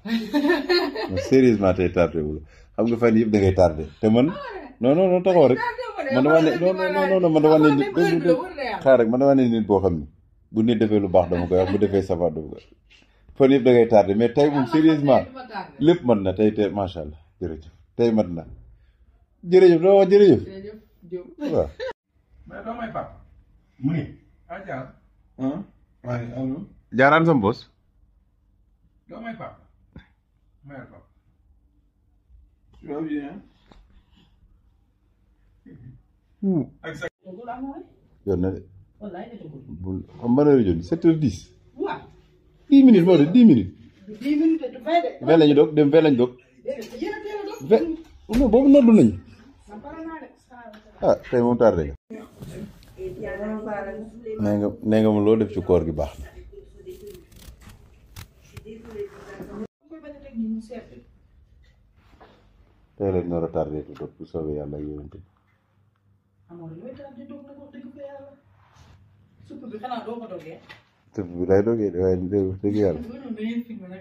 sérieusement tey tardé wul xam nga fan yëpp da ngay tardé te man ah non non non taxaw rek man dama ne non non non man dama ne nit dégg xaar rek man dama ne nit boo xam ne bu nit defee lu baax dama koy wax bu defee safar dama koy fan yëpp da ngay tardé mais tey moom ah, sérieusement lépp mën na tey tey macha allah jërëjëf tey mën na jërëjëf dama wax jërëjëf waaw. mais doo may pap mu ne. ah Diar. ah allo. Diar an sam bos. doo may pap Mère, Tu vas bien? Où? yoon na de. bul xam ban heure yu jot sept heures dix. waaw. dix minutes moo de dem vingt lañu doog. vingt boobu noddu nañu. ah tey moom tardé nga. nee nga nee nga mu def ci koor gi baax mu sedd tey lañ nar a tardé di dog bu tardé dog nag wax dëgg fa yàlla supp bi xanaa doo ko dogee supp bi lay dogee waaye dëgg yàlla